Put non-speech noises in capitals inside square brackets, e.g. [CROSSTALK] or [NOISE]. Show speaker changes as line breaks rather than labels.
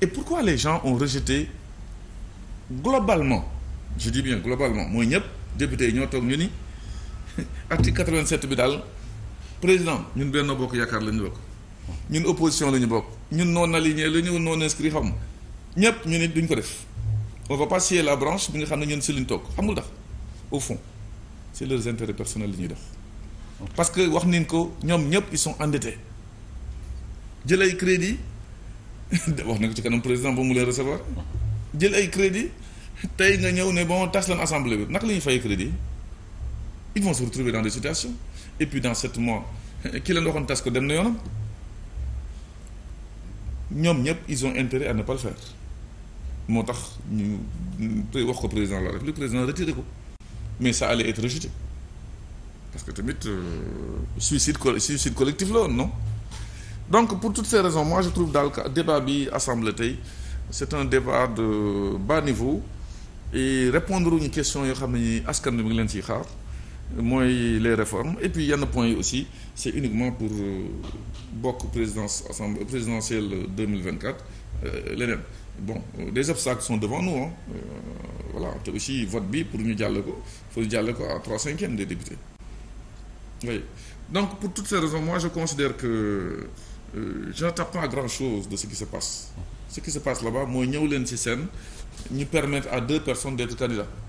et pourquoi les gens ont rejeté globalement je dis bien globalement mooy ñëpp député ñoo toog ñu ni article [LAUGHS] 87 bi daal président ñun benn Bokk Yaakaar la ñu bokk ñun opposition la ñu bokk ñun noon na la ñu non inscrit xam ñëpp ñu ni duñ ko def on va pas scier la branche bi nga xam ne ñun si lañ toog xamul ndax au fond c'est leurs intérêts personnels li ñuy def parce que wax nañ ko ñoom ñëpp en sont endettés jëlay crédit [LAUGHS] wax na ko ci kanam président ba mu leen recevoir jël ay crédit tey nga ñëw ne bon tas leen assemblée bi naka la ñuy fay crédit ils vont se retrouver dans des situations et puis dans sept mois [LAUGHS] ki leen waxoon tas ko dem na yoonam ñoom ñëpp ils ont intérêt à ne pas moo tax ñu wax ko président la rek République président retiré ko mais ça allait être rejeté parce que tamit euh, suicide suicide collectif la woon non donc pour toutes ces raisons moi je trouve daal débat bi assemblée tey c'est un débat de bas niveau et répondre uñu question yoo xam ne askan bi mu ngi leen ciy xaar mooy les réformes et puis yenn point yi aussi c'est uniquement pour euh, bokk présidence assemblée présidentielle 2024 euh, leneen bon euh, des obstacles sont devant nous hein voilà te aussi vote bi pour ñu jàlle ko pour ñu jàll ko à trois cinquièmes des députés oui donc pour toutes ces raisons moi je considère Euh, je n'attends pas grand-chose de ce qui se passe ce qui se passe là-bas mooy ñëw leen ci seen ñu permettre à deux personnes d'être la